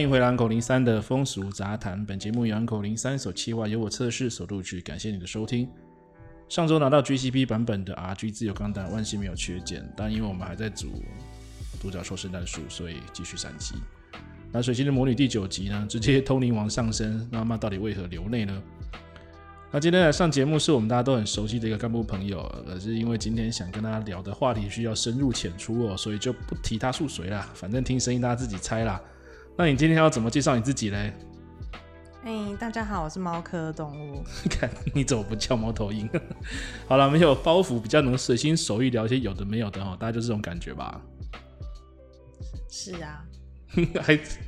歡迎回來，uncle03 的風俗雜談。本節目由 uncle03 所企劃，由我策士所錄製，感謝你的收聽。上周拿到 GCP 版本的 RG 自由鋼彈，萬幸沒有缺件，但因為我們還在組獨角獸聖誕樹，所以繼續散集。那水星的魔女第九集呢？直接通靈王上身，那麼到底為何流淚呢？那今天來上節目是我們大家都很熟悉的一個幹部朋友，可、呃、是因為今天想跟大家聊的話題需要深入淺出哦，所以就不提他是誰了，反正聽聲音大家自己猜啦。那你今天要怎麼介紹你自己嘞？哎、欸，大家好，我是貓科動物。看 你怎麼不叫貓頭鷹？ 好了，沒有包袱比較能隨心所欲聊一些有的沒有的哦，大概就是這種感覺吧。是啊，還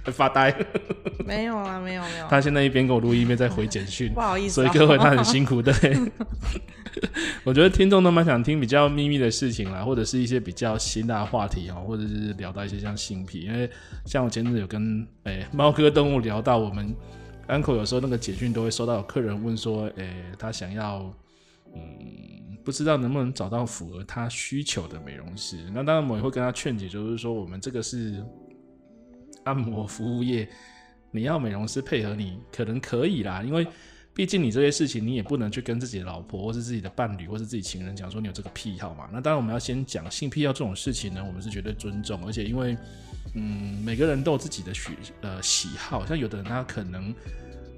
還發呆？ 沒有啊，沒有沒有、啊。他現在一邊給我錄音，一邊在回簡訊， 不好意思、啊，所以各位他很辛苦，對。 我覺得聽眾都蠻想聽比較祕密的事情啦，或者是一些比較辛辣的話題啊、喔，或者是聊到一些像性癖。因為像我前陣有跟誒、欸、貓哥動物聊到，我們 Uncle 有時候那個簡訊都會收到客人問說，誒、欸，他想要嗯，不知道能不能找到符合他需求的美容師？那當然我也會跟他勸解，就是說我們這個是按摩服務業，你要美容師配合你，可能可以啦，因為。畢竟你這些事情，你也不能去跟自己的老婆，或是自己的伴侶，或是自己情人講說你有這個癖好嘛。那當然，我們要先講性癖好這種事情呢，我們是絕對尊重。而且因為，嗯，每個人都有自己的喜呃喜好，像有的人他可能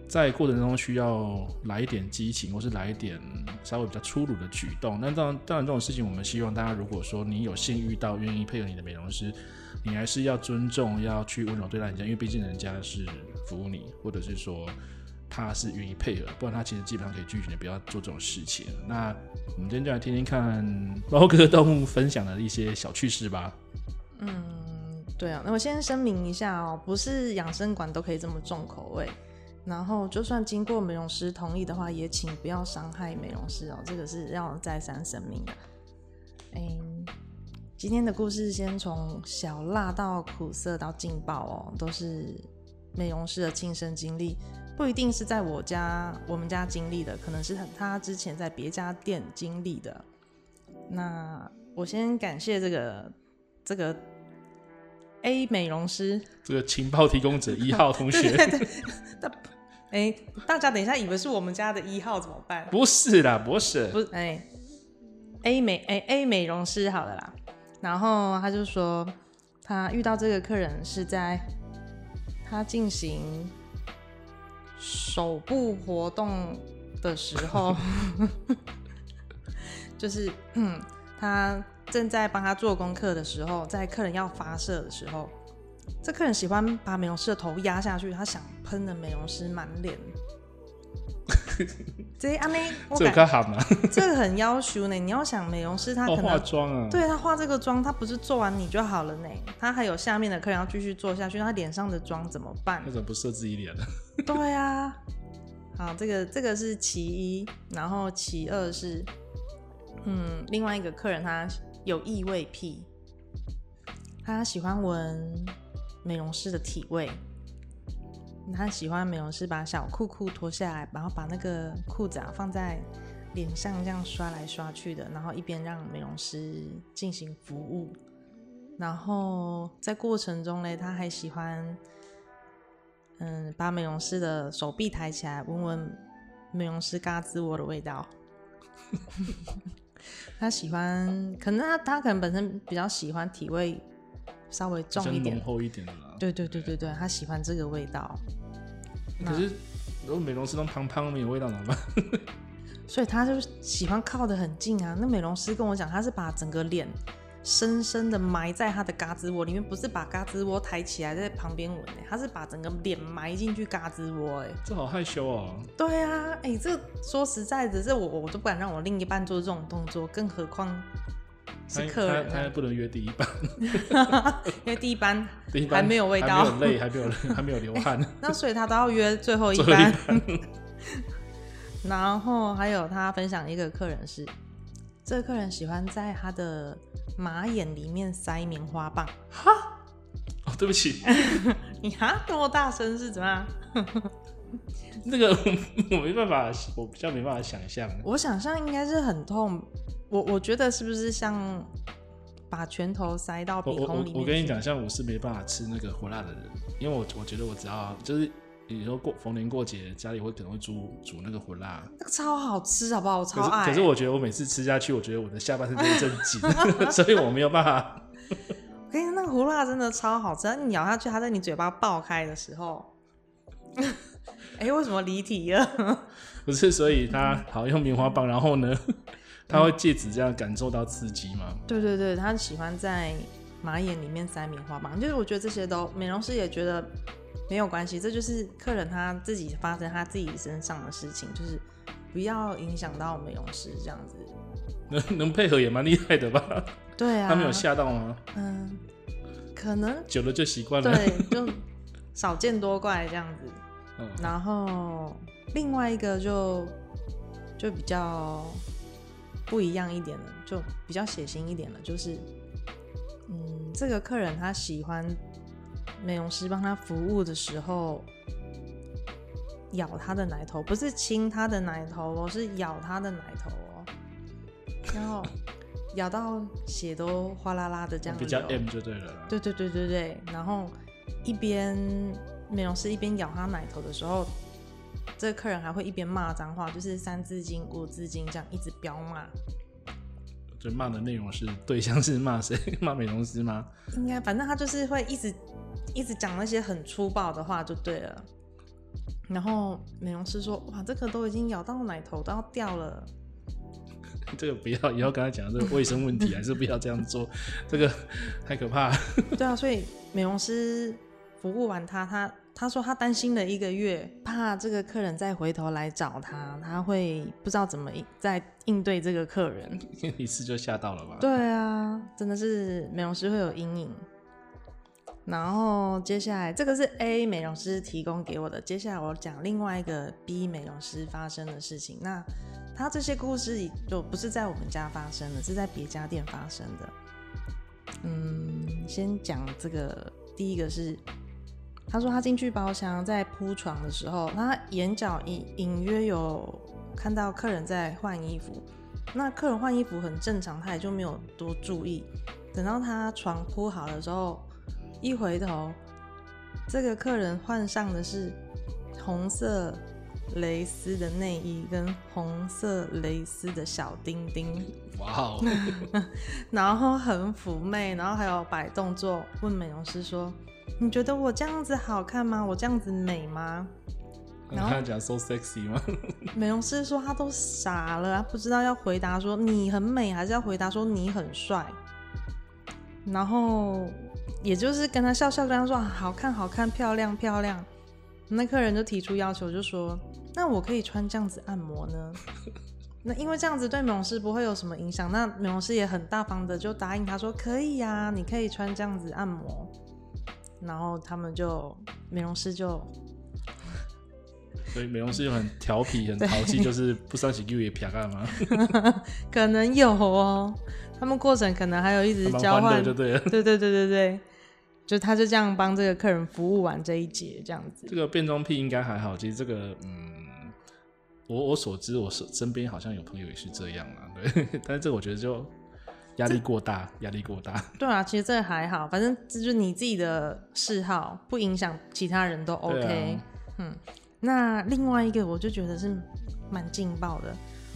在過程中需要來一點激情，或是來一點稍微比較粗魯的舉動。那當然，當然這種事情，我們希望大家如果說你有幸遇到願意配合你的美容師，你還是要尊重，要去溫柔對待人家，因為畢竟人家是服務你，或者是說。他是願意配合，不然他其實基本上可以拒絕的，不要做這種事情。那我們今天就來聽聽看貓科動物分享的一些小趣事吧。嗯，對啊，那我先聲明一下哦、喔，不是養生館都可以這麼重口味、欸。然後，就算經過美容師同意的話，也請不要傷害美容師哦、喔，這個是要再三聲明的、啊。嗯、欸，今天的故事先從小辣到苦澀到勁爆哦、喔，都是美容師的親身經歷。不一定是在我家，我們家經歷的，可能是他他之前在別家店經歷的。那我先感謝這個這個 A 美容師，這個情報提供者一號同學。對對對。哎，大家等一下以為是我們家的一號怎麼辦？不是啦，不是，不是哎、欸。A 美哎、欸、A 美容師，好了啦。然後他就說他遇到這個客人是在他進行。手部活動的時候， 就是嗯， 他正在幫他做功課的時候，在客人要發射的時候，這客人喜歡把美容師的頭壓下去，他想噴的美容師滿臉。 這阿妹，這個很要求呢。你要想美容師他可能，他、哦、化妝啊，對他化這個妝，他不是做完你就好了呢、欸？他還有下面的客人要繼續做下去，他臉上的妝怎麼辦？他怎麼不射自己臉呢？對啊，好，這個這個是其一，然後其二是，嗯，另外一個客人他有異味癖，他喜歡聞美容師的體味，他喜歡美容師把小褲褲脫下來，然後把那個褲子啊放在臉上這樣刷來刷去的，然後一邊讓美容師進行服務，然後在過程中呢，他還喜歡。嗯，把美容師的手臂抬起來，聞聞美容師嘎吱窩的味道。 他喜歡，可能他他可能本身比較喜歡體味稍微重一點，濃厚一點的。對對對對對，對他喜歡這個味道。可是，啊、如果美容師都胖胖都沒有味道怎麼辦？ 所以他就喜歡靠得很近啊。那美容師跟我講，他是把整個臉，深深的埋在他的嘎吱窩裡面，不是把嘎吱窩抬起來在旁邊聞、欸，他是把整個臉埋進去嘎吱窩、欸，哎，這好害羞哦、喔。對啊，哎、欸，這說實在的，這我我都不敢讓我另一半做這種動作，更何況是客人。他他不能約第一班， 因為第一班還沒有味道，累，還沒有還沒有流汗、欸。那所以他都要約最後一班。最後一班 然後還有他分享一個客人是。這個客人喜歡在他的馬眼裡面塞棉花棒。哈？哦，對不起， 你哈那麼大聲是怎麼樣？ 那個我沒辦法，我比較沒辦法想象。我想象應該是很痛。我我覺得是不是像把拳頭塞到鼻孔裡面？我跟你講，像我是沒辦法吃那個火辣的人，因為我我覺得我只要就是。你說過逢年過節家裡會可能會煮煮那個胡辣，那個超好吃好不好？超愛、欸、可是、可是我覺得我每次吃下去，我覺得我的下半身都一陣緊， 所以我沒有辦法。我跟你講，那個胡辣真的超好吃，你咬下去它在你嘴巴爆開的時候，哎、 欸，為什麼離題了？不是，所以它好用棉花棒，嗯、然後呢，他會借此這樣感受到刺激嘛、嗯？對對對，他喜歡在馬眼裡面塞棉花棒，就是我覺得這些都美容師也覺得。沒有關係，這就是客人他自己發生他自己身上的事情，就是不要影響到美容師這樣子。能，能配合也蠻厲害的吧？對啊，他沒有嚇到嗎？嗯，可能久了就習慣了，對，就少見多怪這樣子。嗯，然後另外一個就就比較不一樣一點了，就比較血腥一點了，就是嗯，這個客人他喜歡。美容師幫他服務的時候，咬他的奶頭，不是親他的奶頭哦，是咬他的奶頭哦、喔，然後咬到血都嘩啦啦的這樣流。比較 M 就對了。對對對對對，然後一邊美容師一邊咬他奶頭的時候，這個、客人還會一邊罵髒話，就是三字經、五字經這樣一直飆罵。就罵的內容是對象是罵誰？罵美容師嗎？應該，反正他就是會一直一直講那些很粗暴的話就對了。然後美容師說：“哇，這個都已經咬到奶頭都要掉了。”這個不要，要跟他講這個衛生問題， 還是不要這樣做，這個太可怕。對啊，所以美容師服務完他，他。他說他擔心了一個月，怕這個客人再回頭來找他，他會不知道怎麼再應對這個客人。 一次就嚇到了吧？對啊，真的是美容師會有陰影。然後接下來這個是 A 美容師提供給我的，接下來我講另外一個 B 美容師發生的事情。那他這些故事就不是在我們家發生的，是在別家店發生的。嗯，先講這個，第一個是。他說他進去包廂，在鋪床的時候，那他眼角隱隱約有看到客人在換衣服。那客人換衣服很正常，他也就沒有多注意。等到他床鋪好的時候，一回頭，這個客人換上的是紅色蕾絲的內衣跟紅色蕾絲的小丁丁。哇哦！然後很嫵媚，然後還有擺動作，問美容師說，你覺得我這樣子好看嗎？我這樣子美嗎？然後講 so sexy 嗎？美容師說他都傻了，他不知道要回答說你很美，還是要回答說你很帥。然後也就是跟他笑笑，這樣說好看、好看、好看、漂亮、漂亮。那客人就提出要求，就說，那我可以穿這樣子按摩呢？那因為這樣子對美容師不會有什麼影響，那美容師也很大方的就答應他說可以呀，啊，你可以穿這樣子按摩。然後他們就美容師就，所以美容師就很調皮、很淘氣， 對就是不三洗 U 也撇干嗎？ 可能有哦，他們過程可能還有一直交換，對對對對對對，就他就這樣幫這個客人服務完這一節，這樣子。這個變裝癖應該還好，其實這個，嗯，我我所知，我身身邊好像有朋友也是這樣啊，對，但是這個我覺得就。壓力過大，壓力過大。對啊，其實這還好，反正這就是你自己的嗜好，不影響其他人都 OK。啊、嗯，那另外一個我就覺得是蠻勁爆的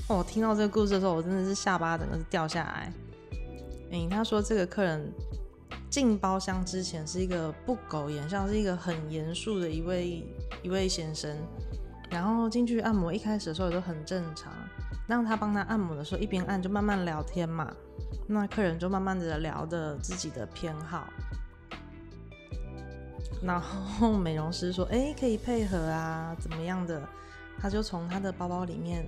哦。我聽到這個故事的時候，我真的是下巴整個是掉下來。哎、欸，他說這個客人進包廂之前是一個不苟言笑，像是一個很嚴肅的一位一位先生，然後進去按摩一開始的時候也都很正常。讓他幫她按摩的時候，一邊按就慢慢聊天嘛。那客人就慢慢的聊着自己的偏好，然後美容師說：“誒、欸，可以配合啊，怎麼樣的？”他就從他的包包裡面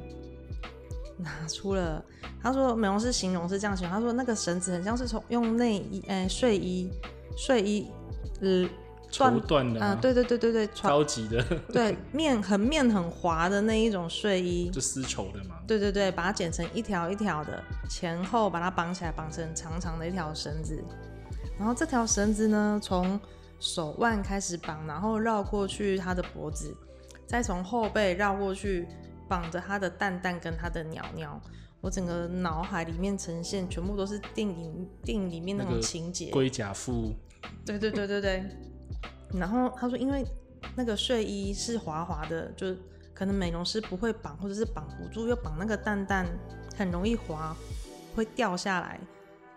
拿出了，他說：“美容師形容是這樣形容，他說那個繩子很像是從用內衣，哎、欸，睡衣，睡衣，嗯、呃。”綢緞的，嗯、呃，對對對對超超級對，高級的，對，面很面很滑的那一種睡衣，就絲綢的嘛。對對對，把它剪成一條一條的，前後把它綁起來，綁成長長的一條繩子。然後這條繩子呢，從手腕開始綁，然後繞過去他的脖子，再從後背繞過去，綁着他的蛋蛋跟他的鳥鳥。我整個腦海裡面呈現全部都是電影電影裡面那種情節，龜甲縛。對對對對對。 然後他說，因為那個睡衣是滑滑的，就可能美容師不會綁，或者是綁不住，又綁那個蛋蛋很容易滑，會掉下來。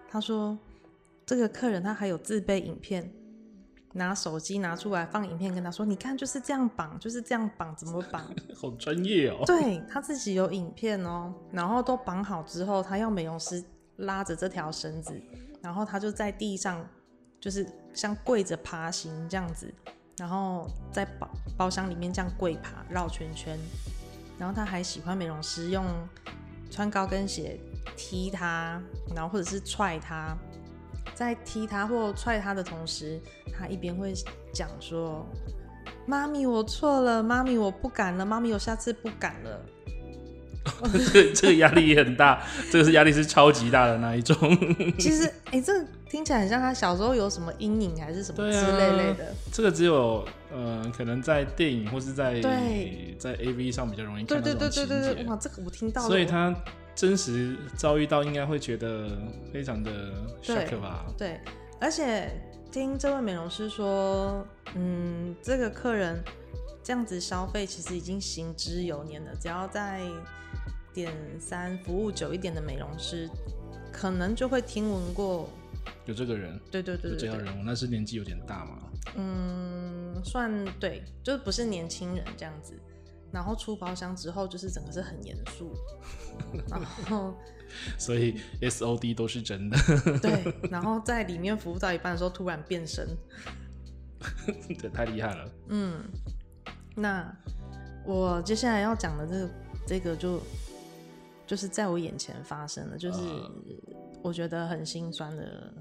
他說這個客人他還有自備影片，拿手機拿出來放影片跟他說，你看就是這樣綁，就是這樣綁，怎麼綁？ 好專業哦。對他自己有影片哦，然後都綁好之後，他要美容師拉着這條繩子，然後他就在地上就是。像跪着爬行這樣子，然後在包包廂裡面這樣跪爬繞圈圈，然後他還喜歡美容師用穿高跟鞋踢他，然後或者是踹他，在踢他或踹他的同時，他一邊會講說：“媽咪，我錯了，媽咪，我不敢了，媽咪，我下次不敢了。”這個這個壓力也很大，這個是壓力是超級大的那一種。其實，哎、欸，這。聽起來很像他小時候有什麼陰影，還是什麼、啊、之類類的。這個只有呃，可能在電影或是在對在 A V 上比較容易看到這種情節。對對對對對哇，這個我聽到了。所以他真實遭遇到，應該會覺得非常的深刻吧對？對，而且聽這位美容師說，嗯，這個客人這樣子消費，其實已經行之有年了。只要在點三服務久一點的美容師，可能就會聽聞過。有這個人，對對對，對對對，有這個人物。我那是年紀有點大嘛，嗯，算對，就是不是年輕人這樣子，然後出包廂之後就是整個是很嚴肅， 然後，所以 SOD 都是真的， 對，然後在裡面服務到一半的時候突然變身， 對，太厲害了，嗯，那我接下來要講的這個、這個就就是在我眼前發生了，就是。呃我覺得很心酸的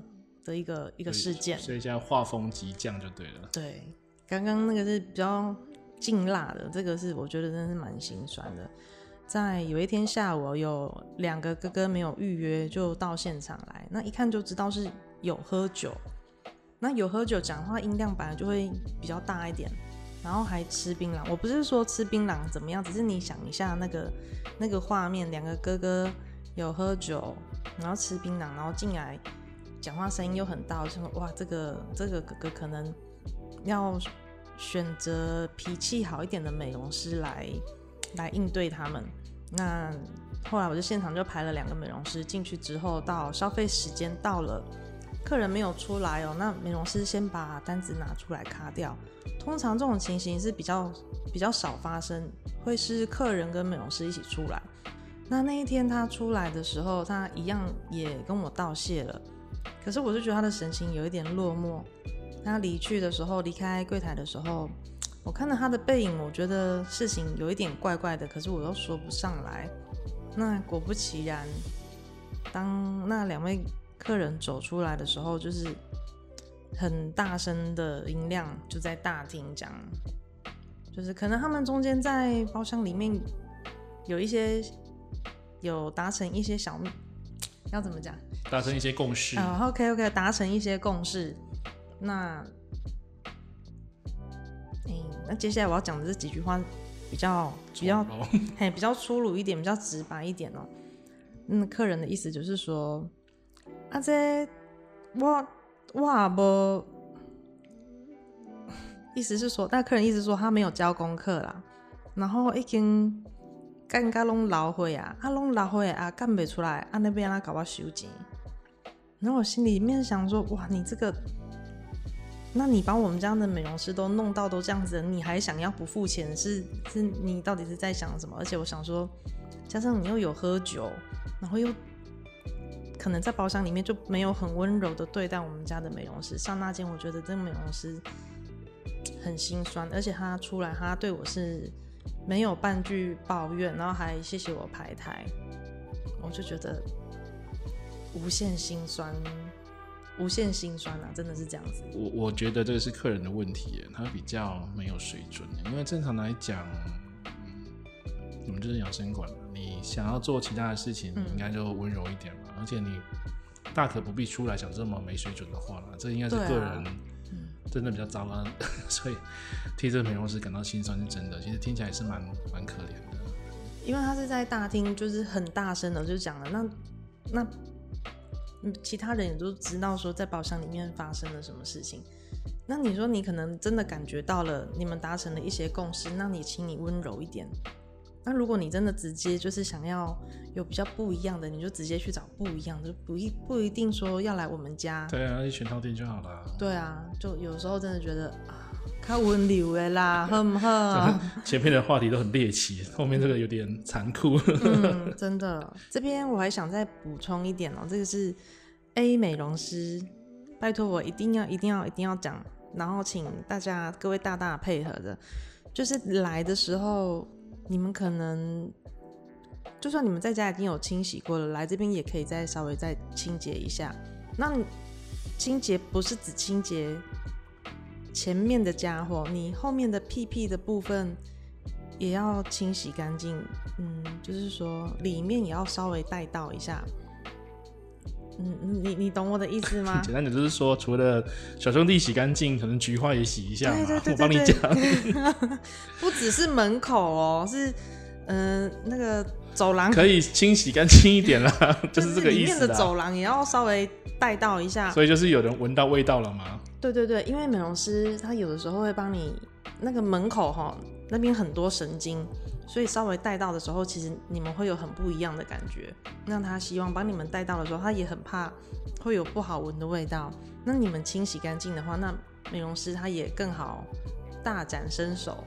的一個一個事件，所以現在畫風急降就對了。對，剛剛那個是比較勁辣的，這個是我覺得真的是蠻心酸的。在有一天下午，有兩個哥哥沒有預約就到現場來，那一看就知道是有喝酒。那有喝酒，講話音量本來就會比較大一點，然後還吃檳榔。我不是說吃檳榔怎麼樣，只是你想一下那個那個畫面，兩個哥哥有喝酒。然後吃檳榔，然後進來，講話聲音又很大，就說哇，這個這個哥哥可能要選擇脾氣好一點的美容師來來應對他們。那後來我就現場就排了兩個美容師進去之後，到消費時間到了，客人沒有出來哦，那美容師先把單子拿出來卡掉。通常這種情形是比較比較少發生，會是客人跟美容師一起出來。那那一天他出來的時候，他一樣也跟我道謝了。可是我就覺得他的神情有一點落寞。他離去的時候，離開櫃台的時候，我看到他的背影，我覺得事情有一點怪怪的。可是我又說不上來。那果不其然，當那兩位客人走出來的時候，就是很大聲的音量就在大廳講，就是可能他們中間在包廂裡面有一些。有達成一些小，要怎麼講？達成一些共識。啊、oh，OK OK，達成一些共識。那，哎、嗯，那接下來我要講的這幾句話比較，比較比較，喔、 嘿，比較粗魯一點，比較直白一點哦、喔。那、嗯、客人的意思就是說，阿、啊、這我我也沒，意思是說，那客人意思是說他沒有交功課啦，然後已經。干家攏老火啊，啊攏老火啊，干袂出來，啊那邊啊搞我收錢，然後我心裡面想說，哇，你這個，那你把我們家的美容師都弄到都這樣子，你還想要不付錢，是是，你到底是在想什麼？而且我想說，加上你又有喝酒，然後又可能在包廂裡面就沒有很溫柔的對待我們家的美容師，上那間我覺得這個美容師很心酸，而且他出來，他對我是。沒有半句抱怨，然後還謝謝我排台。我就覺得無限心酸，無限心酸啊！真的是這樣子。我我覺得這個是客人的問題，他比較沒有水準。因為正常來講，嗯，你們就是養生館嘛，你想要做其他的事情，你應該就溫柔一點嘛。嗯、而且你大可不必出來講這麼沒水準的話，這應該是個人、啊。真的比較糟糕， 所以替這個美容師感到心酸是真的。其實聽起來也是蠻蠻可憐的，因為他是在大廳，就是很大聲的就講了。那那其他人也都知道說在包廂裡面發生了什麼事情。那你說你可能真的感覺到了，你們達成了一些共識。那你請你溫柔一點。那如果你真的直接就是想要有比較不一樣的，你就直接去找不一樣的，不一不一定說要來我們家。對啊，一全套店就好了。對啊，就有時候真的覺得啊，太無聊啦，哼哼，前面的話題都很獵奇，後面這個有點殘酷，嗯 嗯。真的，這邊我還想再補充一點哦、喔，這個是 A 美容師，拜託我一定要、一定要、一定要講，然後請大家各位大大配合的，就是來的時候。你們可能，就算你們在家已經有清洗過了，來這邊也可以再稍微再清潔一下。那清潔不是只清潔前面的家伙，你後面的屁屁的部分也要清洗乾淨。嗯，就是說裡面也要稍微帶到一下。嗯、你你懂我的意思嗎？簡單點就是說，除了小兄弟洗乾淨，可能菊花也洗一下嘛。我幫你講， 不只是門口哦，喔，是嗯、呃、那個走廊可以清洗乾淨一點啦，就是這個意思。裡面的走廊也要稍微帶到一下。所以就是有人聞到味道了嗎？對對對，因為美容師他有的時候會幫你那個門口哈。那邊很多神經，所以稍微帶到的時候，其實你們會有很不一樣的感覺。那他希望把你們帶到的時候，他也很怕會有不好聞的味道。那你們清洗乾淨的話，那美容師他也更好大展身手。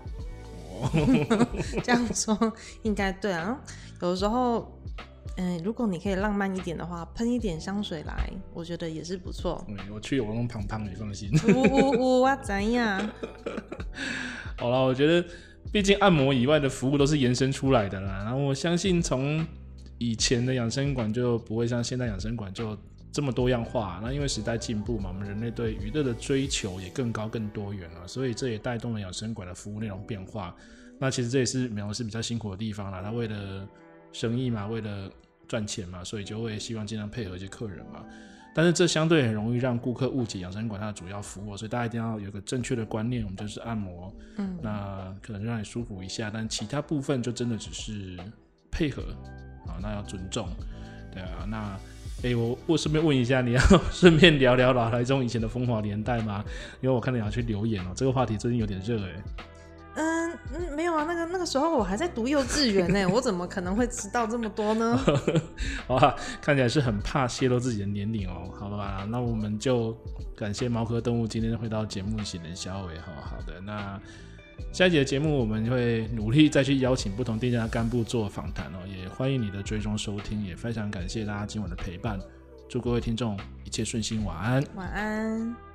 這樣說應該對啊。有時候，嗯、欸，如果你可以浪漫一點的話，噴一點香水來，我覺得也是不錯、嗯。我去玩玩龐龐，我用胖胖，你放心。嗚嗚嗚，我怎樣？ 好了，我覺得。畢竟按摩以外的服務都是延伸出來的啦，然後我相信從以前的養生館就不會像現在養生館就這麼多樣化。那因為時代進步嘛，我們人類對娛樂的追求也更高更多元了啊，所以這也帶動了養生館的服務內容變化。那其實這也是美容師比較辛苦的地方啦，他為了生意嘛，為了賺錢嘛，所以就會希望盡量配合一些客人嘛。但是這相對很容易讓顧客誤解養生館它的主要服務，所以大家一定要有一個正確的觀念，我們就是按摩，嗯，那可能就讓你舒服一下，但其他部分就真的只是配合，啊，那要尊重，對啊，那，哎、欸，我我順便問一下，你要順便聊聊老台中以前的風華年代嗎？因為我看到你要去留言哦、喔，這個話題最近有點熱哎、欸。嗯，沒有啊，那個那個時候我還在讀幼稚園呢， 我怎麼可能會知道這麼多呢？哇、 啊，看起來是很怕洩露自己的年齡哦。好了吧，那我們就感謝貓科動物今天回到節目小尾，喜能消維哈。好的，那下一集的節目我們會努力再去邀請不同店家的幹部做訪談哦，也歡迎你的追蹤收聽，也非常感謝大家今晚的陪伴，祝各位聽眾一切順心，晚安，晚安。